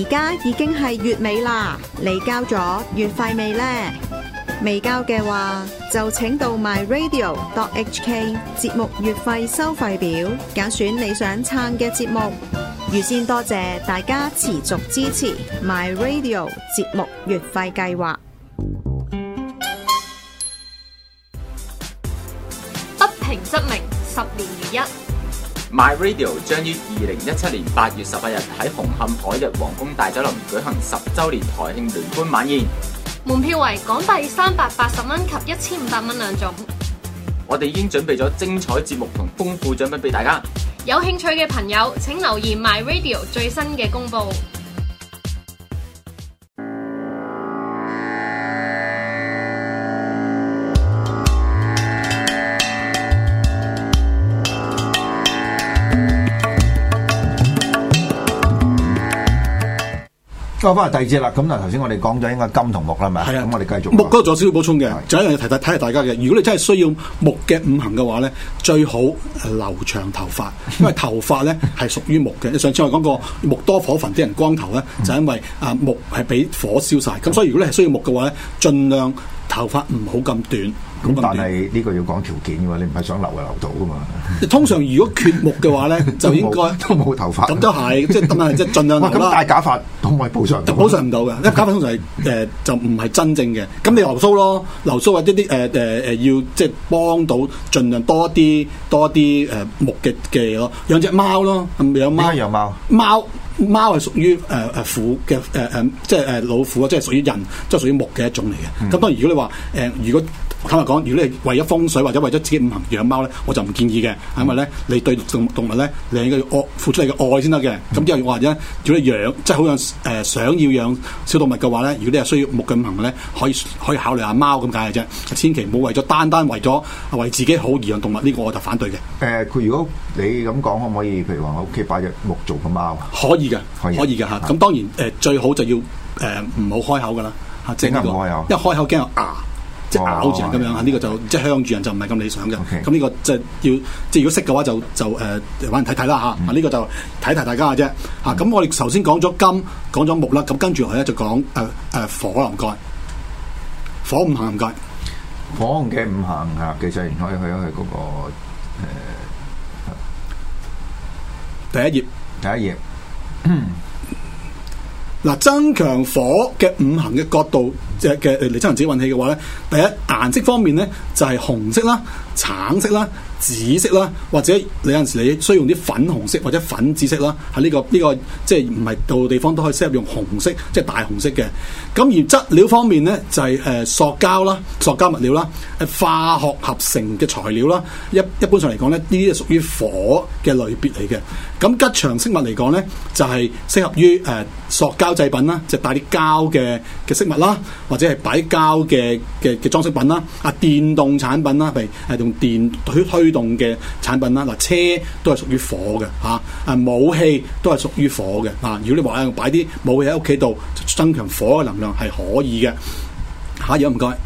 而家已經係月尾啦，你交咗月費未呢？未交嘅話，就請到 myradio dot hk 節目月費收費表，揀選你想撐嘅節目。預先多謝大家持續支持 myradio 節目月費計劃。不平則鳴，十年如一。My Radio 將於二零一七年八月十八日喺紅磡海逸皇宮大酒樓舉行十周年台慶聯歡晚宴，門票為港幣三百八十蚊及一千五百蚊兩種。我哋已經準備咗精彩節目同豐富獎品俾大家，有興趣嘅朋友請留意 My Radio 最新嘅公布。交翻嚟第二節啦，咁嗱頭先我哋講咗應該金同木啦，咪係啊，咁我哋繼續木嗰度仲有少少補充嘅，就的一樣要提提睇下大家嘅。如果你真係需要木嘅五行嘅話咧，最好留長頭髮，因為頭髮咧係 屬於木嘅。上次我講過木多火焚啲人光頭咧，就係、因為啊木係俾火燒晒。咁 所以如果你係需要木嘅話咧，儘量。頭髮唔好咁短，咁但係呢個要講條件嘅喎，你唔係想留啊留到噶嘛？通常如果缺木嘅話咧， 就應該都冇頭髮咁都係，即係等等，即係盡量戴假髮同埋補償，補償唔到嘅，因為假髮通常係誒、呃、就唔係真正嘅。咁你留鬚咯，留鬚或者啲誒誒誒要即係幫到盡量多啲多啲誒木嘅嘅咯，養隻貓咯，養貓貓。貓係屬於誒誒虎嘅誒誒，即係誒老虎啊，即係屬於人，即係屬於木嘅一種嚟嘅。咁、嗯、當然如、呃如，如果你話誒，如果坦白講，如果你為咗風水或者為咗自己五行養貓咧，我就唔建議嘅，因為咧，你對動物咧，你係要愛付出你嘅愛先得嘅。咁即係或者，如果你養即係好想誒想要養小動物嘅話咧，如果你係需要木嘅五行咧，可以可以考慮下貓咁解嘅啫。千祈唔好為咗單單為咗為自己好而養動物，呢、這個我就反對嘅。誒、呃，佢如果你咁講，可唔可以？譬如話，我屋企擺隻木做嘅貓啊？可以。嘅可以可以嘅吓，咁當然誒最好就要誒唔好開口噶啦吓，即係呢個，因為開口驚咬，即係咬住人咁樣吓，呢個就即係向住人就唔係咁理想嘅。咁呢個即係要即係如果識嘅話就就誒搵人睇睇啦吓，呢個就睇睇大家嘅啫吓。咁我哋頭先講咗金，講咗木啦，咁跟住佢咧就講誒誒火啊唔該，火五行唔該，火嘅五行吓，其實可以去去嗰個誒第一頁，第一頁。嗱，嗯、增強火嘅五行嘅角度。嘅嘅，你只能自己運氣嘅話咧，第一顏色方面咧就係、是、紅色啦、橙色啦、紫色啦，或者你有陣時你需要用啲粉紅色或者粉紫色啦，喺、這、呢個呢、這個即係唔係到地方都可以適合用紅色，即、就、係、是、大紅色嘅。咁而質料方面咧就係、是、誒、呃、塑膠啦、塑膠物料啦、化學合成嘅材料啦，一一般上嚟講咧呢啲係屬於火嘅類別嚟嘅。咁吉祥飾物嚟講咧就係、是、適合於誒、呃、塑膠製品啦，就是、帶啲膠嘅嘅飾物啦。或者係擺膠嘅嘅嘅裝飾品啦，啊電動產品啦，譬如係用、啊、電推推動嘅產品啦，嗱、啊、車都係屬於火嘅。嚇啊武器都係屬於火嘅。啊如果你話擺啲武器喺屋企度增強火嘅能量係可以嘅下一好唔該。對、啊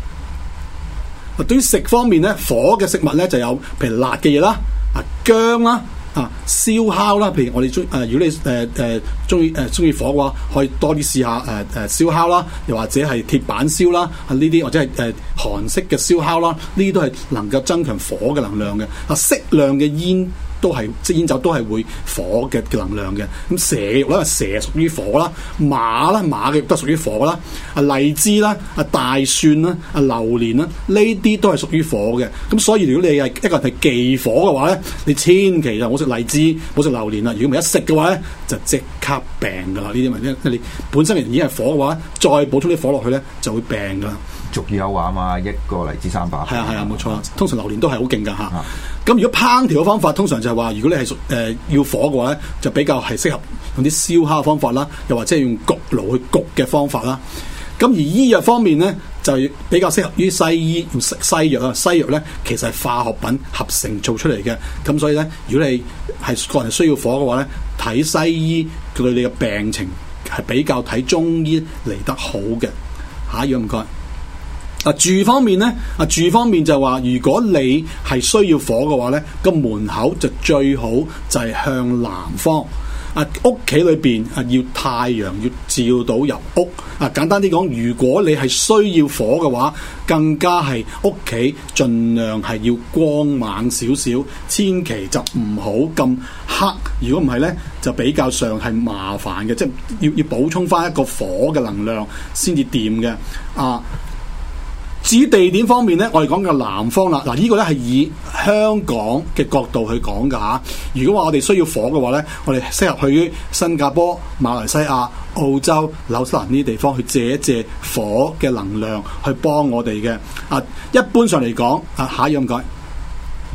啊、於食方面咧，火嘅食物咧就有譬如辣嘅嘢啦，啊薑啦。啊啊！燒烤啦，譬如我哋中誒，如果你誒誒中意誒中意火嘅話，可以多啲試下誒誒、呃呃、燒烤啦，又或者係鐵板燒啦，啊呢啲或者係誒、呃、韓式嘅燒烤啦，呢啲都係能夠增強火嘅能量嘅。啊，適量嘅煙。都係即煙酒都係會火嘅嘅能量嘅。咁蛇肉咧，蛇屬於火啦；馬啦，馬嘅肉都屬於火啦。啊，荔枝啦，啊大蒜啦，啊榴蓮啦，呢啲都係屬於火嘅。咁所以如果你係一個人係忌火嘅話咧，你千祈就唔好食荔枝，唔好食榴蓮啦。如果唔係一食嘅話咧，就即刻病噶啦。呢啲咪即你本身已經係火嘅話，再補充啲火落去咧，就會病噶啦。俗語有話嘛，一個荔枝三把。係啊，係啊，冇錯。通常榴蓮都係好勁㗎嚇。咁、 啊、如果烹調嘅方法，通常就係話，如果你係屬、呃、要火嘅話，就比較係適合用啲燒烤嘅方法啦，又或者係用焗爐去焗嘅方法啦。咁而醫藥方面咧，就比較適合於西醫用西藥啊。西藥咧其實係化學品合成做出嚟嘅，咁所以咧，如果你係個人需要火嘅話咧，睇西醫佢對你嘅病情係比較睇中醫嚟得好嘅下一樣。唔該。嗱住方面呢，啊住方面就話，如果你係需要火嘅話，呢個門口就最好就係向南方。啊，屋企裏邊啊要太陽要照到入屋。啊，簡單啲講，如果你係需要火嘅話，更加係屋企儘量係要光猛少少，千祈就唔好咁黑。如果唔係呢，就比較上係麻煩嘅，即係要要補充翻一個火嘅能量先至掂嘅啊。至於地點方面呢，我哋講嘅南方啦，嗱呢個呢係以香港嘅角度去講噶吓。如果話我哋需要火嘅話呢，我哋適合去新加坡、馬來西亞、澳洲、紐西蘭呢啲地方去借一借火嘅能量，去幫我哋嘅。啊，一般上嚟講，啊下一樣講，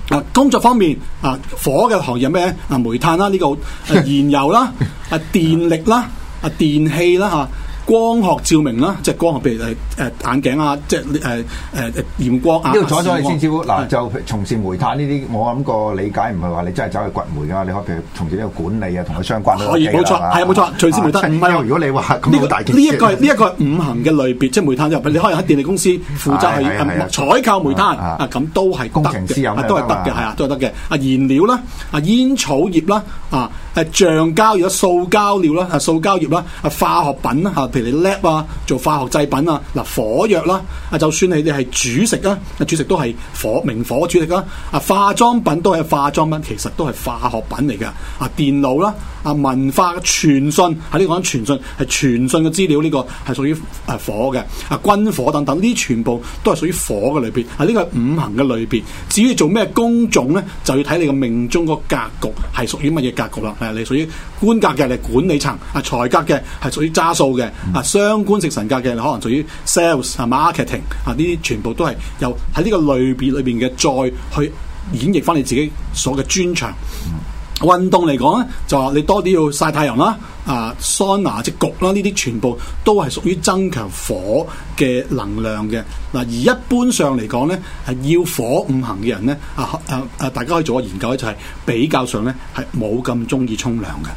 啊。工作方面，啊火嘅行業有咩啊煤炭啦，呢、啊、個燃油啦，啊電力啦，啊電器啦，吓、啊。光學照明啦，即係光學，譬如誒誒眼鏡啊，即係誒誒誒，驗光啊。呢個左左係先嗱，就從事煤炭呢啲，我諗個理解唔係話你真係走去掘煤噶你可譬如從事呢個管理啊，同佢相關可以，冇錯。係啊，冇錯，隨時都得。咁啊，如果你話係呢個呢一個呢一個五行嘅類別，即係煤炭，就你可以喺電力公司負責去採購煤炭啊，咁都係得嘅，都係得嘅，係啊，都係得嘅。啊，燃料啦，啊煙草業啦，啊。橡膠，如果塑膠料啦，啊塑膠業啦，啊化學品啦嚇，譬如你 lab 啊，做化學製品啊，嗱火藥啦，啊就算你哋係煮食啦，煮食都係火明火煮食啦，啊化妝品都係化妝品，其實都係化學品嚟嘅，啊電腦啦。文化嘅傳信喺呢個講傳信，係傳信嘅資料。呢個係屬於啊火嘅啊軍火等等，呢全部都係屬於火嘅裏邊。啊，呢個五行嘅裏邊，至於做咩工種咧，就要睇你個命中個格局係屬於乜嘢格局啦。係你屬於官格嘅，你管理層啊，財格嘅係屬於揸數嘅，啊傷官食神格嘅，可能屬於 sales 啊 marketing 啊呢啲全部都係由喺呢個類別裏邊嘅，再去演繹翻你自己所嘅專長。嗯運動嚟講咧，就話你多啲要曬太陽啦，啊，桑拿即焗啦，呢啲全部都係屬於增強火嘅能量嘅。嗱，而一般上嚟講咧，係要火五行嘅人咧，啊啊啊，大家可以做個研究咧，就係比較上咧，係冇咁中意沖涼嘅。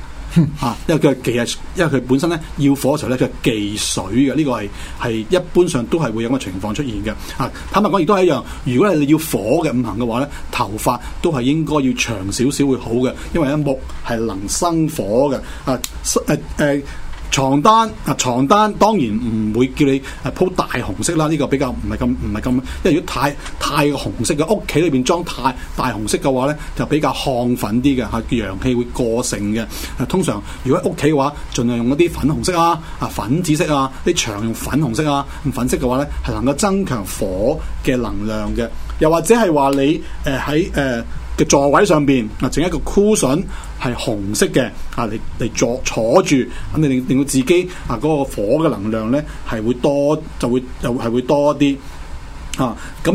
啊， 因為佢忌係，因為佢本身咧要火嗰時候咧，佢係忌水嘅。呢、這個係係一般上都係會有咁嘅情況出現嘅。啊，坦白講亦都係一樣，如果係你要火嘅五行嘅話咧，頭髮都係應該要長少少會好嘅，因為咧木係能生火嘅。啊，誒、啊、誒。啊床單啊，床單當然唔會叫你係鋪大紅色啦，呢、呢個比較唔係咁唔係咁，因為如果太太紅色嘅屋企裏邊裝太大紅色嘅話呢，就比較亢奮啲嘅，係陽氣會過盛嘅，啊。通常如果屋企嘅話，儘量用一啲粉紅色啊、啊粉紫色啊，你牆用粉紅色啊、粉色嘅話呢係能夠增強火嘅能量嘅。又或者係話你誒喺誒。呃嘅座位上邊啊，整一個箍 u s h 係紅色嘅啊，嚟嚟坐坐住，咁你令令到自己啊嗰、那個火嘅能量咧，係會多，就會又係會,會多啲啊。咁誒，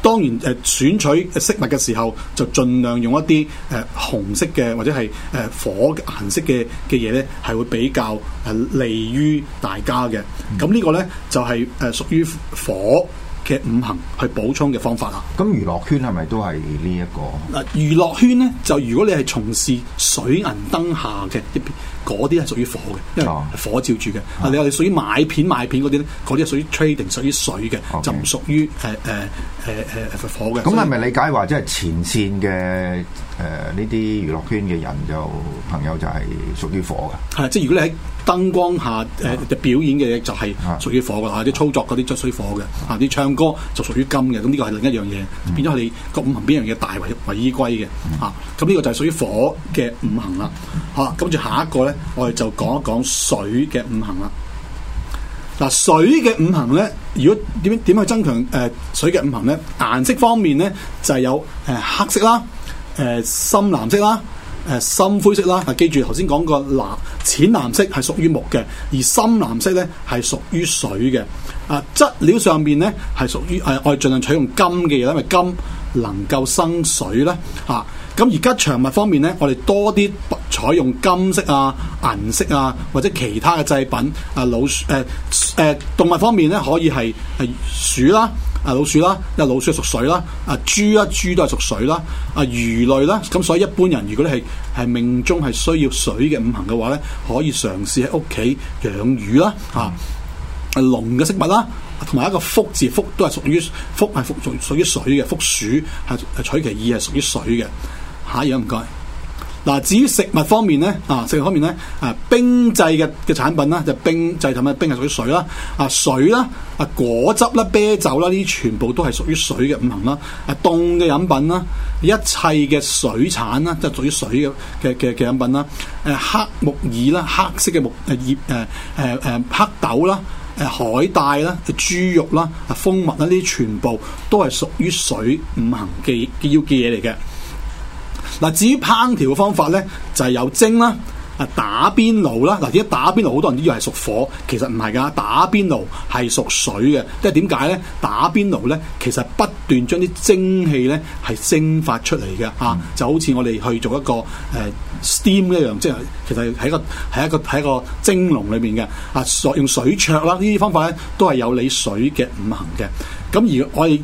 當然誒，選取飾物嘅時候，就盡量用一啲誒、啊、紅色嘅或者係誒、啊、火顏色嘅嘅嘢咧，係會比較誒利於大家嘅。咁呢個咧就係誒屬於火。嘅五行去補充嘅方法啦。咁娛樂圈係咪都係呢一個？嗱，娛樂圈咧就如果你係從事水銀燈下嘅啲嗰啲係屬於火嘅，因為火照住嘅。啊、哦，你話你屬於買片買片嗰啲咧，嗰啲係屬於 trading，屬於水嘅，Okay. 就唔屬於誒誒誒誒火嘅。咁係咪理解話即係前線嘅？誒，呢啲娛樂圈嘅人就朋友就係屬於火嘅，係即係如果你喺燈光下誒、呃、表演嘅嘢，就係屬於火嘅。啊啲操作嗰啲就屬於火嘅，啊啲唱歌就屬於金嘅，咁呢個係另一樣嘢，變咗佢哋個五行邊樣嘢大為為依歸嘅，啊咁呢個就係屬於火嘅五行啦，吓，跟住下一個咧，我哋就講一講水嘅五行啦。嗱，水嘅五行咧，如果點點去增強誒、呃、水嘅五行咧，顏色方面咧就係、是、有誒、呃、黑色啦、呃。誒、呃、深藍色啦，誒、呃、深灰色啦。記住頭先講個藍，淺藍色係屬於木嘅，而深藍色咧係屬於水嘅。啊，質料上面咧係屬於誒，我哋盡量採用金嘅嘢，因為金能夠生水啦。嚇、啊，咁而家長物方面咧，我哋多啲採用金色啊、銀色啊或者其他嘅製品。啊，老誒誒、呃呃呃、動物方面咧，可以係係鼠啦。啊，老鼠啦，因為老鼠係屬水啦。啊，豬啊，豬都係屬水啦。啊，魚類啦，咁所以一般人如果你係係命中係需要水嘅五行嘅話咧，可以嘗試喺屋企養魚啦。嚇、啊，龍嘅飾物啦，同埋一個福字，福都係屬於福係屬屬於水嘅，福鼠係取其義係屬於水嘅。下一樣唔該。嗱，至於食物方面咧，啊，食物方面咧，啊，冰製嘅嘅產品咧，就、冰製產品，冰係屬於水啦，啊，水啦，啊，果汁啦、啤酒啦，呢啲全部都係屬於水嘅五行啦，啊，凍嘅飲品啦，一切嘅水產啦，即係屬於水嘅嘅嘅嘅飲品啦，誒、啊，黑木耳啦，黑色嘅木誒葉誒誒誒黑豆啦，誒、啊啊、海帶啦，豬、啊、肉啦、啊，蜂蜜啦，呢啲全部都係屬於水五行嘅嘅要嘅嘢嚟嘅。嗱，至於烹調嘅方法咧，就係、是、有蒸啦，啊打邊爐啦。嗱，而家打邊爐好多人以為係屬火，其實唔係噶，打邊爐係屬水嘅。即係點解咧？打邊爐咧，其實不斷將啲蒸汽咧係蒸發出嚟嘅，啊、嗯，就好似我哋去做一個誒、呃、steam 一樣，即係其實喺個喺一個喺一,一,一個蒸籠裏邊嘅，啊，用用水灼啦，呢啲方法咧都係有利水嘅五行嘅。咁而我哋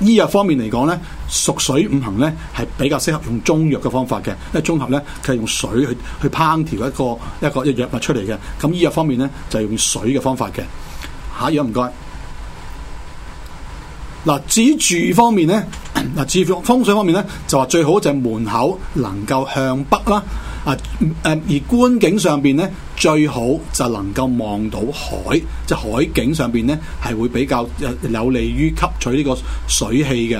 醫藥方面嚟講咧。屬水五行咧，係比較適合用中藥嘅方法嘅，因為中藥咧，佢係用水去去烹調一個一個嘅藥物出嚟嘅。咁醫藥方面咧，就係、是、用水嘅方法嘅。下一樣唔該。嗱，至於住方面咧，嗱，至於風風水方面咧，就話最好就係門口能夠向北啦。啊，誒，而觀景上邊咧，最好就能夠望到海，即、就、係、是、海景上邊咧，係會比較有利於吸取呢個水氣嘅。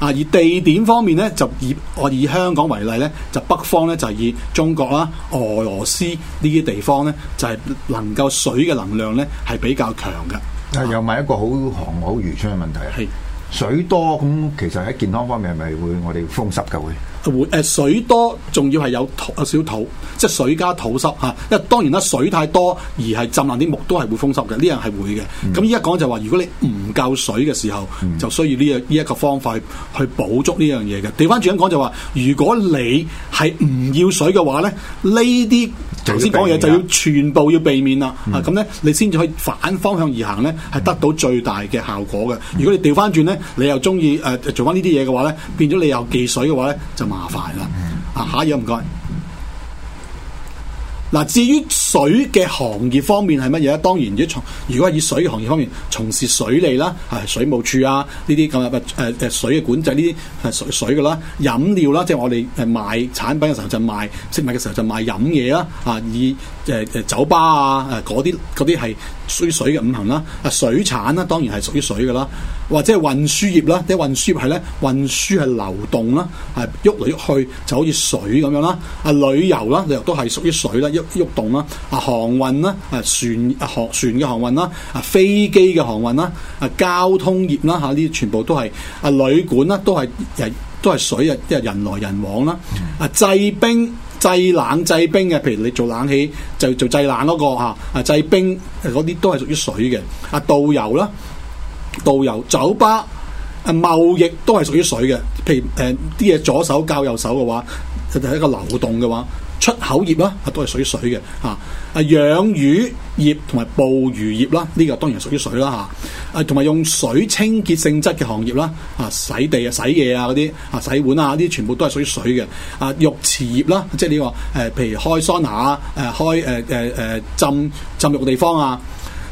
啊！而地點方面咧，就以我以香港為例咧，就北方咧就以中國啦、俄羅斯呢啲地方咧，就係、是、能夠水嘅能量咧，係比較強嘅。啊！又咪一個好寒、好愚蠢嘅問題啊！是水多咁，其實喺健康方面係咪會我哋風濕嘅會？會，誒水多，仲要係有土啊！少土，即係水加土濕嚇。因為當然啦，水太多而係浸爛啲木，都係會風濕嘅。呢樣係會嘅。咁依家講就話，如果你唔夠水嘅時候，就需要呢樣依一個方法去補足呢樣嘢嘅。調翻轉講就話，如果你係唔要水嘅話咧，呢啲。頭先講嘢就要全部要避免啦，嗯、啊咁咧你先至可以反方向而行咧，係得到最大嘅效果嘅。如果你調翻轉咧，你又中意誒做翻呢啲嘢嘅話咧，變咗你又忌水嘅話咧，就麻煩啦。啊，下一樣唔該。嗱，至於水嘅行業方面係乜嘢咧？當然，如果從如果以水行業方面從事水利啦，係水務署啊呢啲咁嘅誒誒水嘅管制呢啲係水水嘅啦，飲料啦，即係我哋誒賣產品嘅時候就賣，食物嘅時候就賣飲嘢啦，啊以誒誒、呃、酒吧啊誒嗰啲啲係屬於水嘅五行啦，啊水產啦當然係屬於水嘅啦。或者係運輸業啦，即運輸業係咧運輸係流動啦，係喐嚟喐去就好似水咁樣啦。啊旅遊啦，你又都係屬於水啦，喐喐動啦。啊航運啦，啊船航船嘅航運啦，啊飛機嘅航運啦，啊交通業啦嚇，呢啲全部都係啊旅館啦，都係人都係水啊，即係人來人往啦。啊製冰製冷製冰嘅，譬如你做冷氣就做製冷嗰個嚇啊製冰嗰啲都係屬於水嘅。啊導遊啦。導遊、酒吧、誒、啊、貿易都係屬於水嘅，譬如誒啲嘢左手交右手嘅話，就係一個流動嘅話，出口業啦，啊都係屬於水嘅，嚇，啊養魚業同埋捕魚業啦，呢、啊呢個當然屬於水啦，嚇，啊同埋用水清潔性質嘅行業啦，啊洗地洗啊洗嘢啊嗰啲，啊洗碗啊啲全部都係屬於水嘅，啊浴池業啦、啊，即係呢個誒譬如開桑拿啊，誒開誒誒誒浸浸浴嘅地方啊。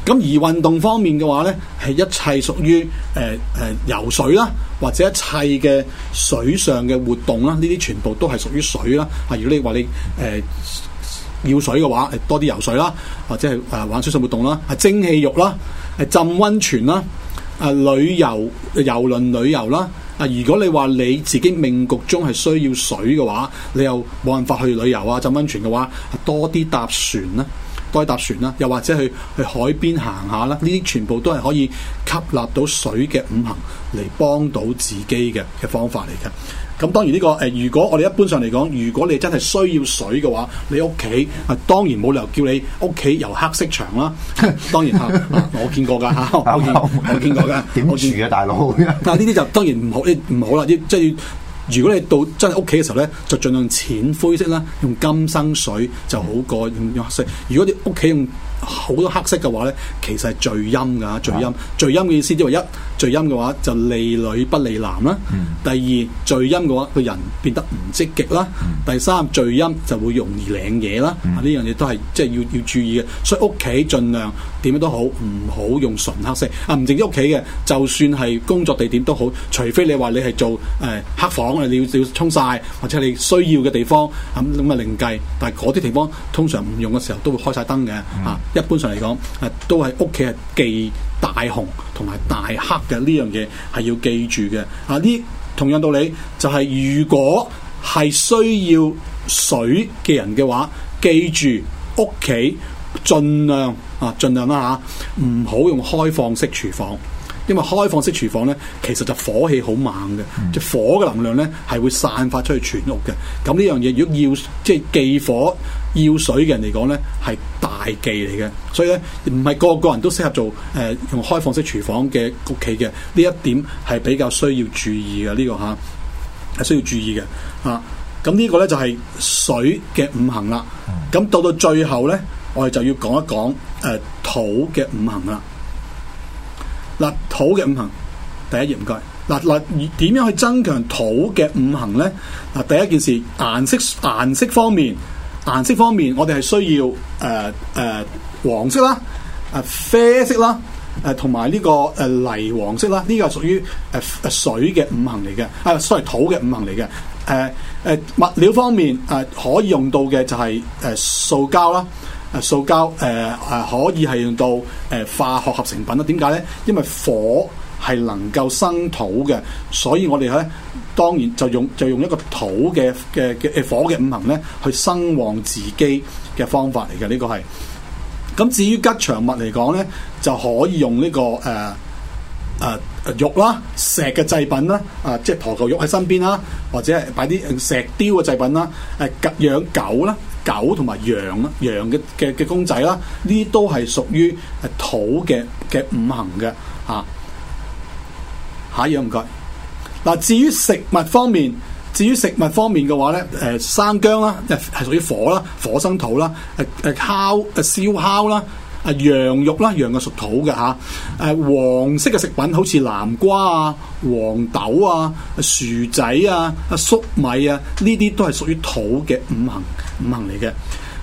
咁而運動方面嘅話呢，係一切屬於誒誒、呃呃、游水啦，或者一切嘅水上嘅活動啦，呢啲全部都係屬於水啦。係如果你話你誒要水嘅話，多啲游水啦，或者係誒玩水上活動啦，係蒸汽浴啦，係浸溫泉啦，啊旅遊遊輪旅遊啦。啊，如果你話你自己命局中係需要水嘅話，你又冇辦法去旅遊啊、浸溫泉嘅話，多啲搭船啦。該搭船啦，又或者去去海邊行下啦，呢啲全部都係可以吸納到水嘅五行嚟幫到自己嘅嘅方法嚟嘅。咁當然呢、呢個誒，如果我哋一般上嚟講，如果你真係需要水嘅話，你屋企啊當然冇理由叫你屋企油黑色牆啦。當然嚇、 啊，我見過㗎嚇、啊，我見過 我見過㗎，點住嘅、啊、見大佬哥。但呢啲就當然唔好，啲唔好啦，即、就、係、是如果你到真係屋企嘅時候咧，就盡量淺灰色啦，用金生水就好過用黑色。如果你屋企用好多黑色嘅話咧，其實係聚陰㗎，聚陰聚陰嘅意思即係話一。聚陰嘅話就利女不利男啦。Hmm. 第二聚陰嘅話，個人變得唔積極啦。Hmm. 第三聚陰就會容易領嘢啦。啊，呢樣嘢都係即係要要注意嘅。所以屋企盡量點都好，唔好用純黑色。啊，唔淨止屋企嘅，就算係工作地點都好，除非你話你係做誒黑、呃、房啊，你要要沖曬或者你需要嘅地方咁咁啊另計。但係嗰啲地方通常唔用嘅時候都會開晒燈嘅。啊，一般上嚟講啊，都係屋企係忌。啊大紅同埋大黑嘅，呢樣嘢係要記住嘅啊！呢，同樣道理就係如果係需要水嘅人嘅話，記住屋企儘量啊，儘量啦嚇，唔好用開放式廚房。因為開放式廚房咧，其實就火氣好猛嘅，即係、嗯、火嘅能量咧係會散發出去全屋嘅。咁呢樣嘢，如果要即係忌火要水嘅人嚟講咧，係大忌嚟嘅。所以咧，唔係個個人都適合做誒、呃、用開放式廚房嘅屋企嘅。呢一點係比較需要注意嘅，呢、這個嚇係、啊、需要注意嘅啊。咁呢個咧就係、是、水嘅五行啦。咁到、嗯、到最後咧，我哋就要講一講誒、呃、土嘅五行啦。嗱，土嘅五行，第一頁唔該。嗱嗱，點樣去增強土嘅五行咧？嗱，第一件事顏色、顏色方面，顏色方面，我哋係需要誒誒、呃呃、黃色啦，啊、呃、啡色啦，誒同埋呢個誒泥、呃、黃色啦，呢、這個屬於誒誒水嘅五行嚟嘅，啊、呃，所謂土嘅五行嚟嘅，誒、呃、誒物料方面誒、呃、可以用到嘅就係、是、誒、呃、塑膠啦。啊，塑膠，誒、呃、誒、呃，可以係用到誒、呃、化學合成品啦。點解咧？因為火係能夠生土嘅，所以我哋咧當然就用就用一個土嘅嘅嘅火嘅五行咧去生旺自己嘅方法嚟嘅。呢、這個係咁，至於吉祥物嚟講咧，就可以用呢、這個誒誒玉啦、石嘅製品啦，啊、呃，即係婆頤玉喺身邊啦，或者係擺啲石雕嘅製品啦，誒、呃，養狗啦。狗同埋羊啦，羊嘅嘅嘅公仔啦，呢啲都係屬於、啊、土嘅嘅五行嘅，嚇、啊。下一樣唔該。嗱、啊，至於食物方面，至於食物方面嘅話咧，誒生薑啦，即係係屬於火啦，火生土啦，誒、啊、誒、啊、烤誒、啊、燒烤啦。啊啊，羊肉啦，羊係屬土嘅嚇。誒、啊，黃色嘅食品好似南瓜啊、黃豆啊、薯仔啊、粟米啊，呢啲都係屬於土嘅五行五行嚟嘅。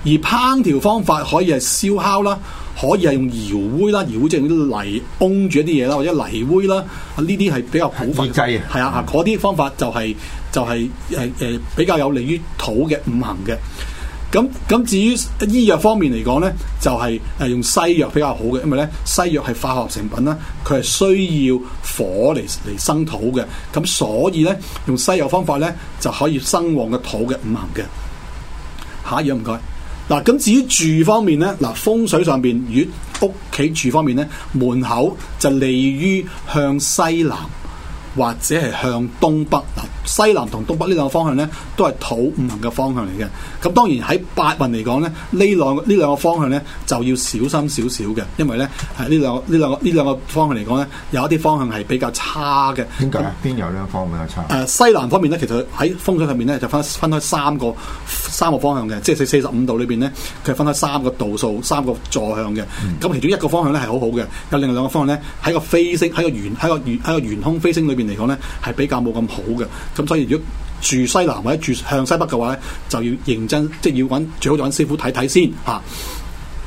而烹調方法可以係燒烤啦，可以係用窯啦，窯窯就用啲泥烘住一啲嘢啦，或者泥窯啦，呢啲係比較古法嘅。係啊，嗰啲方法就係、係、就係誒誒比較有利於土嘅五行嘅。咁咁，至於醫藥方面嚟講咧，就係、是、誒用西藥比較好嘅，因為咧西藥係化學成品啦，佢係需要火嚟嚟生土嘅，咁所以咧用西藥方法咧就可以生旺個土嘅五行嘅。下一樣唔該嗱，咁至於住方面咧，嗱風水上邊，如屋企住方面咧，門口就利於向西南。或者係向東北嗱，西南同東北呢兩個方向咧，都係土五行嘅方向嚟嘅。咁當然喺八運嚟講咧，呢兩呢兩個方向咧就要小心少少嘅，因為咧喺呢、啊、兩個呢兩個呢兩個方向嚟講咧，有一啲方向係比較差嘅。點解邊有兩個方向比較差？誒、啊，西南方面咧，其實喺風水上面咧，就分分開三個三個方向嘅，即係四四十五度裏邊咧，佢分開三個度數、三個坐向嘅。咁、嗯、其中一個方向咧係好好嘅，有另外兩個方向咧喺個飛星喺個圓喺個圓喺個，個圓空飛星裏邊。嚟講咧係比較冇咁好嘅，咁所以如果住西南或者住向西北嘅話咧，就要認真，即係要揾最好就揾師傅睇睇先吓。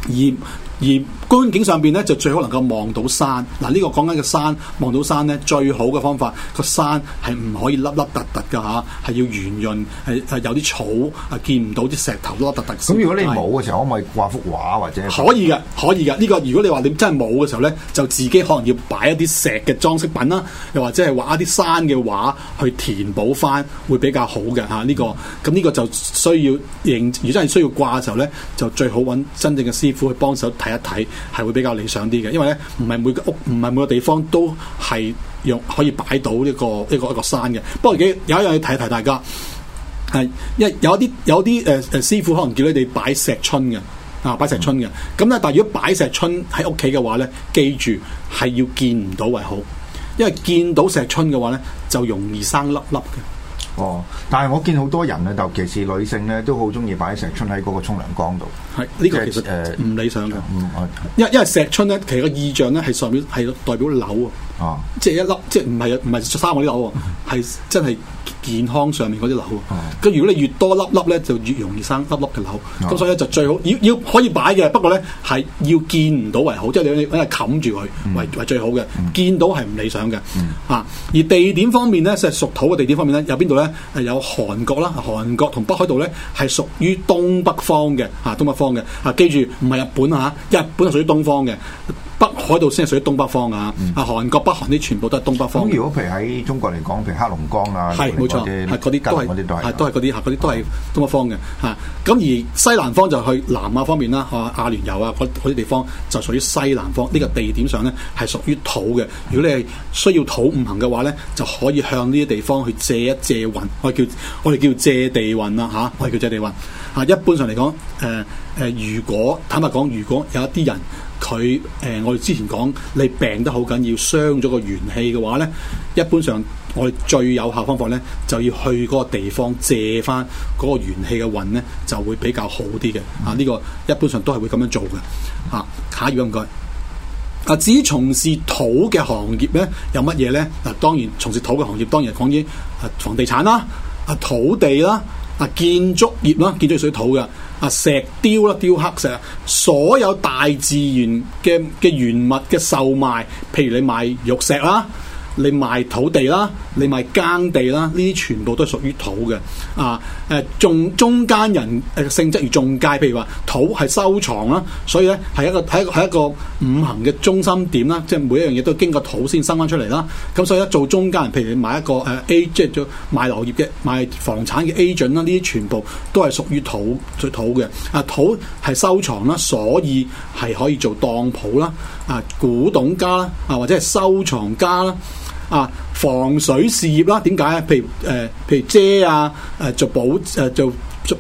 而。而觀景上邊咧就最好能夠望到山嗱，呢個講緊嘅山，望到山咧最好嘅方法，個山係唔可以粒粒突突㗎吓，係要圓潤，係係有啲草啊，見唔到啲石頭粒粒突突。咁如果你冇嘅時候，可唔可以掛幅畫或者？可以嘅，可以嘅。呢個如果你話你真係冇嘅時候咧，就自己可能要擺一啲石嘅裝飾品啦，又或者係畫一啲山嘅畫去填補翻會比較好嘅嚇。呢個咁呢個就需要認，如果真係需要掛嘅時候咧，就最好揾真正嘅師傅去幫手睇。一睇係會比較理想啲嘅，因為咧唔係每個屋，唔係每個地方都係用可以擺到呢個一個一個，一個山嘅。不過有一樣嘢提一提大家，係因為有啲有啲誒、誒師傅可能叫你哋擺石春嘅啊，擺石春嘅。咁咧，但係如果擺石春喺屋企嘅話咧，記住係要見唔到為好，因為見到石春嘅話咧，就容易生粒粒嘅。哦，但係我見好多人咧，尤其是女性咧，都好中意擺石春喺嗰個沖涼缸度。係呢，這個其實誒唔理想嘅，因為、呃、因為石春咧，其實個意象咧係代表係代表樓啊，即係一粒，即係唔係唔係三個啲樓，係、嗯、真係。健康上面嗰啲瘤，咁如果你越多粒粒咧，就越容易生粒粒嘅瘤。咁所以咧就最好要要可以擺嘅，不過咧係要見唔到為好，即係你搵嚟冚住佢為、嗯、為最好嘅，見到係唔理想嘅。嗯、啊，而地點方面咧，即係屬土嘅地點方面咧，有邊度咧？有韓國啦，韓國同北海道咧係屬於東北方嘅，啊，東北方嘅。啊，記住唔係日本啊，因為日本係屬於東方嘅，北海道先係屬於東北方啊。啊，韓國、北韓啲全部都係東北方。咁如果譬如喺中國嚟講，譬如黑龍江啊。冇錯，係嗰啲都係，係都係嗰啲嚇，嗰啲都係東北方嘅嚇。咁的而西南方就去南亞方面啦、啊，阿聯酋啊，嗰啲地方就屬於西南方呢、呢個地點上咧，係屬於土嘅。如果你係需要土五行嘅話咧，就可以向呢啲地方去借一借運，我哋叫我哋叫、啊、叫借地運啦嚇，我哋叫借地運嚇。一般上嚟講，誒、呃、誒，如果坦白講，如果有一啲人。佢誒、呃，我哋之前講你病得好緊要，傷咗個元氣嘅話咧，一般上我哋最有效方法咧，就要去嗰個地方借翻嗰個元氣嘅運咧，就會比較好啲嘅。啊，呢、這個一般上都係會咁樣做嘅。啊，下一頁，唔該。啊，至於從事土嘅行業咧，有乜嘢咧？嗱、啊，當然從事土嘅行業，當然講啲啊，房地產啦，啊土地啦，啊建築業啦、啊，建築水土嘅。啊！石雕啦，雕刻石，所有大自然嘅嘅原物嘅售賣，譬如你賣玉石啦，你賣土地啦。你買耕地啦，呢啲全部都係屬於土嘅啊。誒，仲中間人誒、啊、性質，如中介，譬如話土係收藏啦，所以咧係一個係一個係一,一個五行嘅中心點啦，即係每一樣嘢都經過土先生翻出嚟啦。咁所以咧做中間人，譬如你買一個誒 agent 賣樓業嘅賣房產嘅 agent 啦，呢啲全部都係屬於土最土嘅啊。土係收藏啦，所以係可以做當鋪啦啊，古董家啦啊，或者係收藏家啦啊。啊防水事業啦，點解啊？譬如誒、呃，譬如遮啊，誒、呃、做保誒做、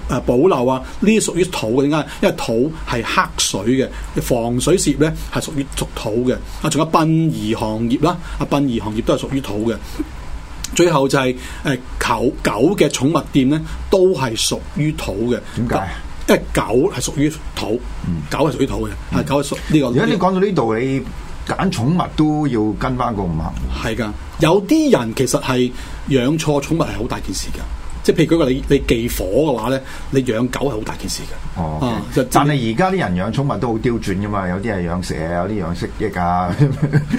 呃、做保留啊，呢啲屬於土嘅，點解？因為土係黑水嘅防水事業咧，係屬於足土嘅。啊，仲有殯儀行業啦，啊，殯儀行業都係屬於土嘅。最後就係、是、誒、呃、狗狗嘅寵物店咧，都係屬於土嘅。點解？因為狗係屬於土，狗係屬於土嘅。嗯、啊，狗係屬呢、這個。如果你講到呢度，你。揀寵物都要跟翻個五行，係㗎。有啲人其實係養錯寵物係好大件事㗎。即係譬如嗰個你你忌火嘅話咧，你養狗係好大件事嘅。哦，但係而家啲人養寵物都好刁鑽嘅嘛，有啲係養蛇，有啲養蜥蜴啊，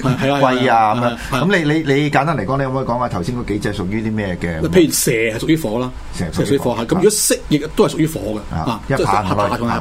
係啊，龜啊咁樣。咁你你你簡單嚟講，你可唔可以講下頭先嗰幾隻屬於啲咩嘅？譬如蛇係屬於火啦，蛇屬於火。咁如果蜥蜴都係屬於火嘅啊，係下下同下。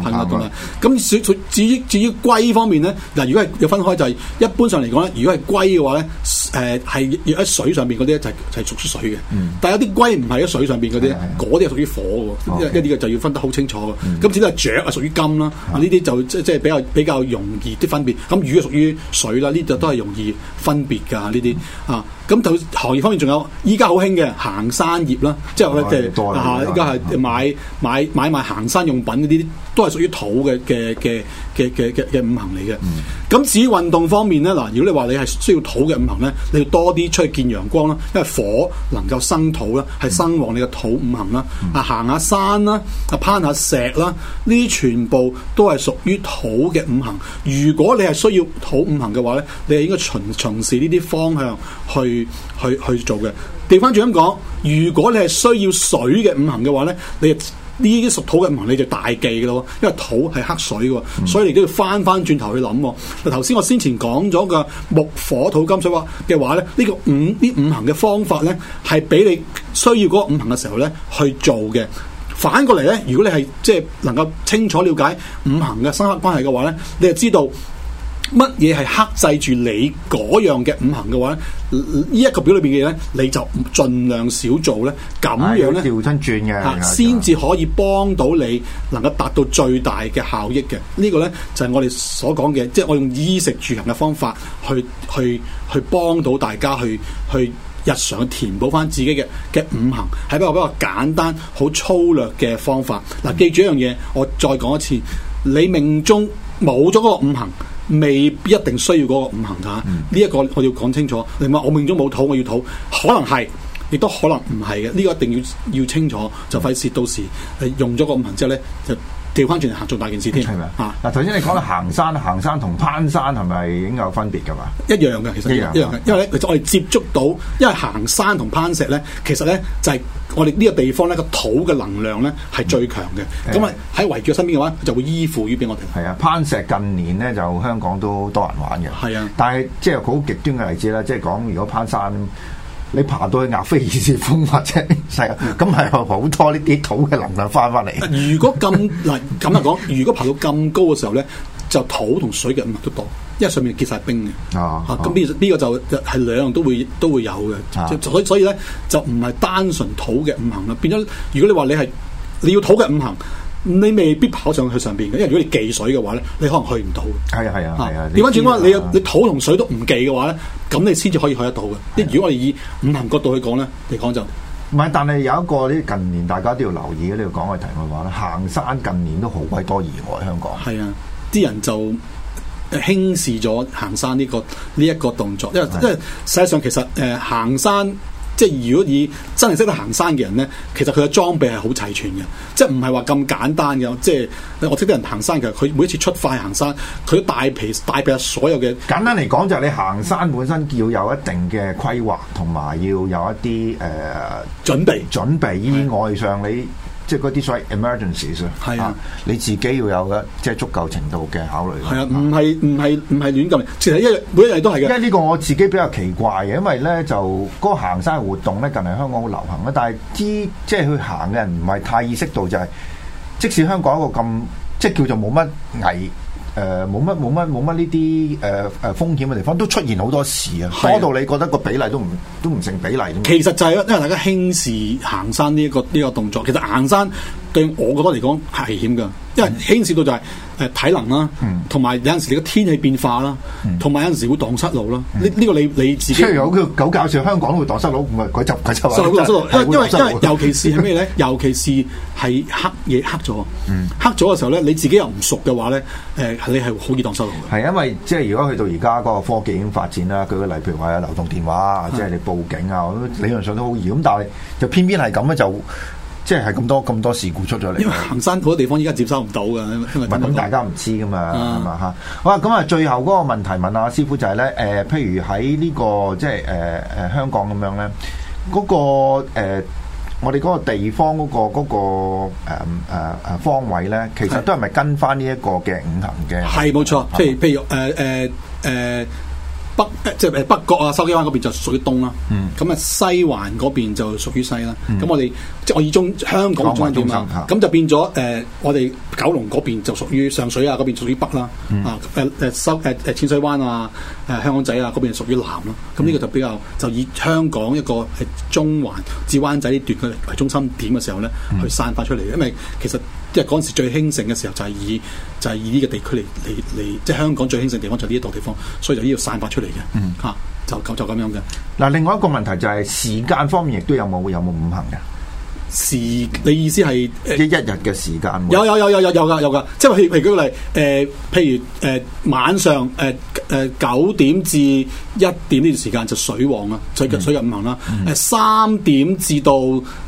咁至於至於龜方面咧，嗱如果係要分開就係一般上嚟講咧，如果係龜嘅話咧，誒係要喺水上邊嗰啲咧就係就係屬水嘅。但係有啲龜唔係喺水上邊。嗰啲都係屬於火嘅，Okay. 一啲嘅就要分得好清楚。咁只係雀係，屬、hmm. 於金啦。呢啲、mm hmm. 就即即係比較比較容易啲分別。咁魚啊，屬於水啦。呢就都係容易分別嘅呢啲啊。咁就行業方面仲有，依家好興嘅行山業啦，mm hmm. 即係即係嚇依家係買買買賣行山用品呢啲，都係屬於土嘅嘅嘅嘅嘅嘅五行嚟嘅。咁、mm hmm. 至於運動方面咧，嗱，如果你話你係需要土嘅五行咧，你要多啲出去見陽光啦，因為火能夠生土啦，係生旺你嘅土。土五行啦，啊行下山啦，啊攀下石啦，呢啲全部都係屬於土嘅五行。如果你係需要土五行嘅話咧，你係應該從從事呢啲方向去去去做嘅。掉返轉咁講，如果你係需要水嘅五行嘅話咧，你。呢啲屬土嘅文你就大忌嘅咯，因為土係剋水嘅，所以你都要翻翻轉頭去諗。嗱，頭先我先前講咗嘅木火土金水嘅話咧，呢、這個五、呢五行嘅方法咧，係俾你需要嗰五行嘅時候咧去做嘅。反過嚟咧，如果你係即係能夠清楚了解五行嘅生剋關係嘅話咧，你就知道。乜嘢係克制住你嗰樣嘅五行嘅話咧？呢一個表裏邊嘅嘢咧，你就盡量少做咧，咁樣咧調真轉嘅吓，先至可以幫到你，能夠達到最大嘅效益嘅。呢、這個咧就係我哋所講嘅，即、就、係、是、我用衣食住行嘅方法去去去幫到大家去去日常填補翻自己嘅嘅五行，係一個比較簡單、好粗略嘅方法。嗱、嗯，記住一樣嘢，我再講一次，你命中冇咗嗰個五行，未必一定需要嗰個五行嘅。呢一個我要講清楚。你唔好我命中冇土，我要土，可能係，亦都可能唔係嘅。呢、呢個一定要要清楚，就費事到時係用咗個五行之後咧，就調翻轉行做大件事添。係咪、嗯、啊？嗱，頭先你講到行山，嗯、行山同攀山係咪已經有分別嘅嘛？一樣嘅，其實一樣嘅。一樣因為咧，嗯、其實我哋接觸到，因為行山同攀石咧，其實咧就係、係就。係我哋呢個地方咧，個土嘅能量咧係最強嘅，咁啊喺圍住身邊嘅話，就會依附於畀我哋。係啊，攀石近年咧就香港都好多人玩嘅。係啊，但係即係好極端嘅例子啦，即係講如果攀山，你爬到去亞非爾斯峯或者邊世，咁係好多呢啲土嘅能量翻翻嚟。如果咁嗱咁嚟講，如果爬到咁高嘅時候咧，就土同水嘅物都多。因為上面結晒冰嘅，啊，咁呢呢個就係兩樣都會都會有嘅，啊、所以所以咧就唔係單純土嘅五行啦，變咗如果你話你係你要土嘅五行，你未必跑上去上邊嘅，因為如果你忌水嘅話咧，你可能去唔到。係啊係啊係啊！掉翻轉講，你你土同水都唔忌嘅話咧，咁你先至可以去得到嘅。啲、啊、如果我哋以五行角度去講咧，你講就唔係，但係有一個呢近年大家都要留意嘅呢個講嘅題外話啦，行山近年都好鬼多意外，香港係啊，啲人就，人就輕視咗行山呢、這個呢一、這個動作，因為是的 因為實際上其實誒、呃、行山，即係如果以真係識得行山嘅人咧，其實佢嘅裝備係好齊全嘅，即係唔係話咁簡單嘅。即係我識啲人行山嘅，佢每一次出快行山，佢都帶皮帶備所有嘅。簡單嚟講就係你行山本身要有一定嘅規劃，同埋要有一啲誒、呃、準備準備意外上你。即係嗰啲所謂 emergencies，啊，係啊！你自己要有嘅，即係足夠程度嘅考慮。係啊，唔係唔係唔係亂咁嚟，其實一日每一日都係嘅。因為呢個我自己比較奇怪嘅，因為咧就嗰個行山嘅活動咧近嚟香港好流行啊，但係啲即係去行嘅人唔係太意識到就係，即使香港一個咁即係叫做冇乜危。誒，冇乜冇乜冇乜呢啲誒誒風險嘅地方，都出現好多事啊，的多到你覺得個比例都唔都唔成比例。其實就係因為大家輕視行山呢，這、一個呢，這個動作，其實行山。嗯對，我覺得嚟講係危險㗎，因為牽涉到就係誒體能啦，同埋有陣時你個天氣變化啦，同埋有陣時會蕩失路啦。呢呢、嗯、個你你自己有叫狗介紹，香港會蕩失路，唔係佢就唔係失路。失路因為因為尤其是係咩咧？ 尤其是係黑夜黑咗，黑咗嘅時候咧，你自己又唔熟嘅話咧，誒、呃，你係好易蕩失路嘅。係因為即係如果去到而家嗰個科技已經發展啦，舉個例，譬如話有流動電話，即係你報警啊，理論上都好易。咁但係就偏偏係咁咧，就。即係咁多咁、嗯、多事故出咗嚟。因為行山好多地方依家接收唔到㗎，咁是大家唔知噶嘛，係嘛嚇？好啦，咁啊，最後嗰個問題問阿師傅就係、是、咧，誒、呃，譬如喺呢、這個即係誒誒香港咁樣咧，嗰、那個、呃、我哋嗰個地方嗰、那個嗰、那個誒、呃呃、方位咧，其實都係咪跟翻呢一個嘅五行嘅？係冇錯，即係嗎譬如誒誒誒。呃呃呃北即係誒北角啊，筲箕灣嗰邊就屬於東啦、啊。嗯，咁啊西環嗰邊就屬於西啦、啊。咁、嗯、我哋即係我以中香港中心點咁、啊嗯、就變咗誒、呃，我哋九龍嗰邊就屬於上水啊，嗰邊屬於北啦、啊。嗯、啊誒誒收誒誒淺水灣啊，誒、啊、香港仔啊，嗰邊係屬於南啦、啊。咁呢個就比較就以香港一個係中環至灣仔呢段嘅為中心點嘅時候咧，嗯、去散發出嚟嘅，因為其實。即係嗰陣時最興盛嘅時候，就係以就係以呢個地區嚟嚟嚟，即係香港最興盛地方就呢一度地方，所以就呢度散發出嚟嘅嚇，就就就咁樣嘅。嗱，另外一個問題就係時間方面，亦都有冇會有冇五行嘅？時，你意思係即係一日嘅時間？有有有有有有，噶有噶，即係譬如譬如舉例，誒、呃，譬如誒、呃，晚上，誒誒、呃呃、九點至一點呢段時間就水旺啦，水水入五行啦。誒， 三點至到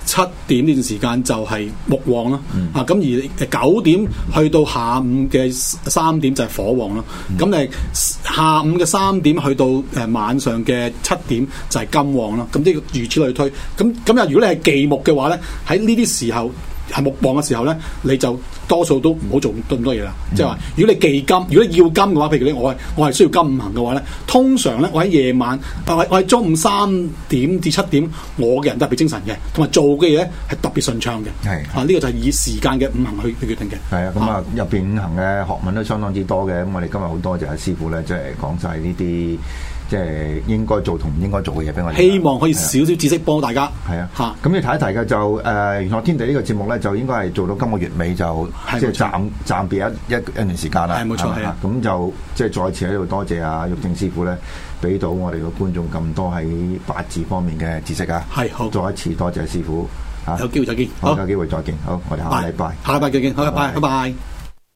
七點呢段時間就係木旺啦。 啊，咁而九點去到下午嘅三點就係火旺啦。咁誒， 下午嘅三點去到誒晚上嘅七點就係金旺啦。咁即係如此類推。咁咁又如果你係忌木嘅話咧？喺呢啲時候係木旺嘅時候咧，你就多數都唔好做咁多嘢啦。即係話，如果你忌金，如果你要金嘅話，譬如咧，我係我係需要金五行嘅話咧，通常咧，我喺夜晚，或我喺中午三點至七點，我嘅人特別精神嘅，同埋做嘅嘢咧係特別順暢嘅。係啊，呢個就係以時間嘅五行去去決定嘅。係啊，咁啊入邊五行嘅學問都相當之多嘅。咁我哋今日好多謝阿師傅咧，即係講晒呢啲。即係應該做同唔應該做嘅嘢俾我哋。希望可以少少知識幫大家。係啊，嚇！咁你提一提嘅就誒《玄學天地》呢個節目咧，就應該係做到今個月尾就，即係暫暫別一一一段時間啦。係冇錯。係啦，咁就即係再一次喺度多謝阿毓証師傅咧，俾到我哋嘅觀眾咁多喺八字方面嘅知識啊。係。好，再一次多謝師傅嚇，有機會再見。有機會再見。好，我哋下個禮拜，下個禮拜再見。拜拜。